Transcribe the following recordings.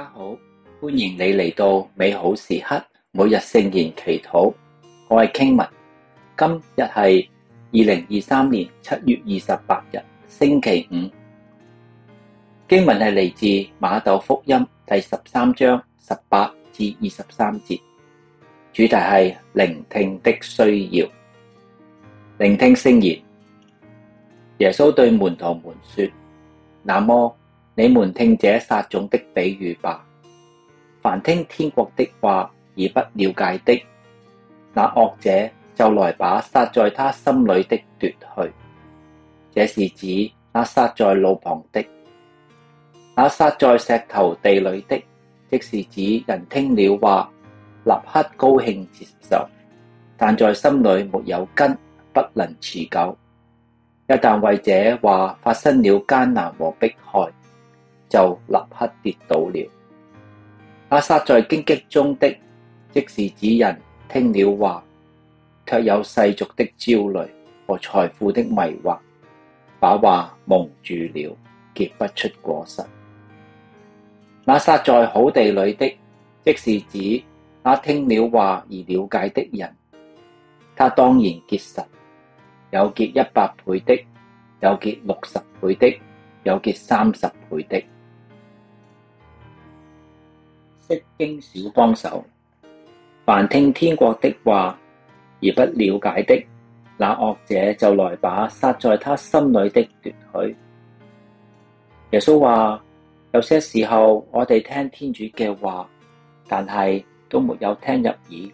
大家好，歡迎你嚟到美好時刻每日聖言祈禱。我係傾文，今日係二零二三年七月二十八日星期五。經文係嚟自馬竇福音第十三章十八至二十三節，主題係聆聽的需要。聆聽聖言，耶穌對門徒們說：那麼。你們聽這撒種的比喻吧。凡聽天國的話而不了解的，那惡者就來把撒在他心裏的奪去。這是指那撒在路旁的，那撒在石頭地裏的，即是指人聽了話，立刻高興接受，但在心裏沒有根，不能持久。一旦為這話發生了艱難和迫害。就立刻跌倒了。那撒在荊棘中的，即是指人聽了話，却有世俗的焦慮和財富的迷惑，把話蒙住了，結不出果實。那撒在好地裏的，即是指那聽了話而了解的人，他當然結實，有結一百倍的，有結六十倍的，有結三十倍的。釋經小幫手，凡聽天國的話而不了解的，那惡者就來把撒在他心裏的奪去。耶穌話：有些時候我哋聽天主嘅話，但係都沒有聽入耳。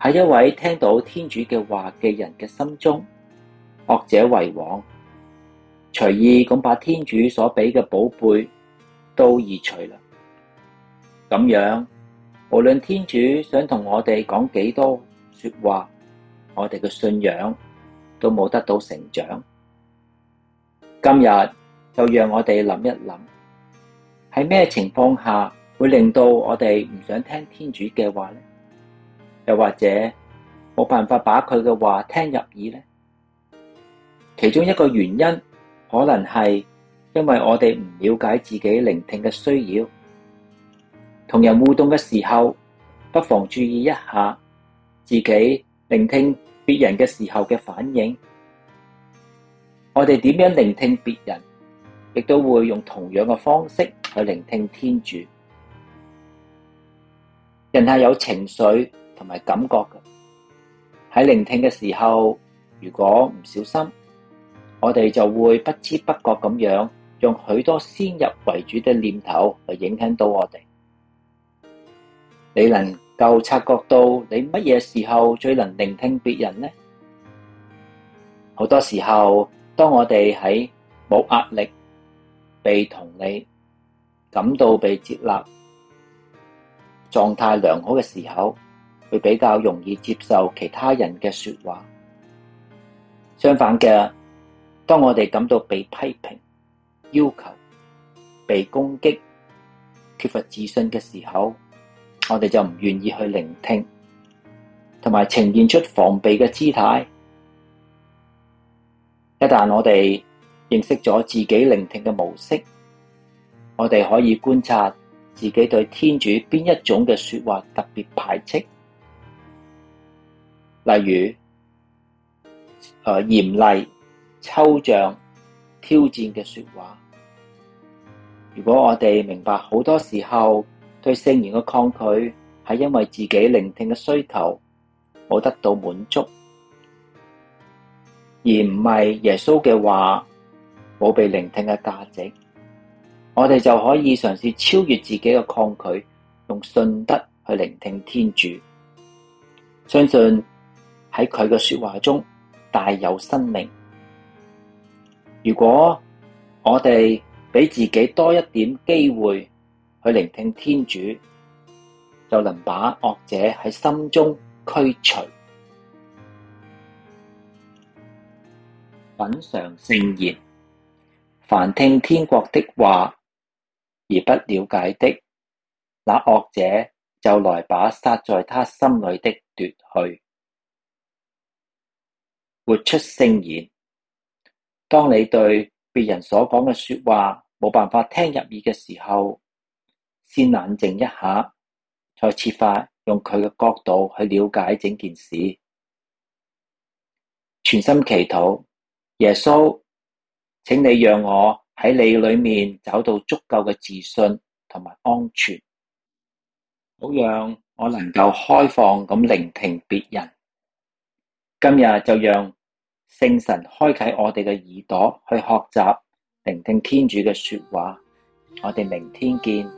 喺一位聽到天主嘅話嘅人嘅心中，惡者為王，隨意咁把天主所俾嘅寶貝都移除啦。咁樣，無論天主想同我哋講幾多說話，我哋嘅信仰都冇得到成長。今日就讓我哋諗一諗，喺咩情況下會令到我哋唔想聽天主嘅話呢？又或者冇辦法把佢嘅話聽入耳呢？其中一個原因，可能係因為我哋唔了解自己聆聽嘅需要。同人互動嘅時候，不妨注意一下自己聆聽別人嘅時候嘅反應。我哋點樣聆聽別人，亦都會用同樣嘅方式去聆聽天主。人係有情緒同埋感覺嘅。喺聆聽嘅時候，如果唔小心，我哋就會不知不覺咁樣用許多先入為主嘅念頭去影響到我哋。你能夠察覺到你乜嘢時候最能聆聽別人呢？好多時候，當我哋喺冇壓力、被同理、感到被接納、狀態良好嘅時候，會比較容易接受其他人嘅說話。相反嘅，當我哋感到被批評、要求、被攻擊、缺乏自信嘅時候，我哋就唔願意去聆聽，同埋呈現出防備嘅姿態。一旦我哋認識咗自己聆聽嘅模式，我哋可以觀察自己對天主邊一種嘅說話特別排斥，例如誒、呃、嚴厲、抽象、挑戰嘅說話。如果我哋明白好多時候，對聖言嘅抗拒係因為自己聆聽嘅需求冇得到滿足，而唔係耶穌嘅話冇被聆聽嘅價值。我哋就可以嘗試超越自己嘅抗拒，用信德去聆聽天主，相信喺佢嘅說話中大有生命。如果我哋俾自己多一點機會。去聆聽天主，就能把惡者喺心中驅除。品嚐聖言，凡聽天國的話而不了解的，那惡者就來把撒在他心裏的奪去。活出聖言。當你對別人所講嘅説話冇辦法聽入耳嘅時候，先冷靜一下，再設法用佢嘅角度去了解整件事。全心祈禱，耶穌，請你讓我喺你裏面找到足夠嘅自信同埋安全，好讓我能夠開放咁聆聽別人。今日就讓聖神開啟我哋嘅耳朵去學習聆聽天主嘅說話。我哋明天見。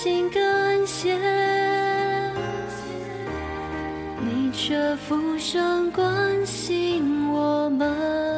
心更險，你卻俯身關心我們。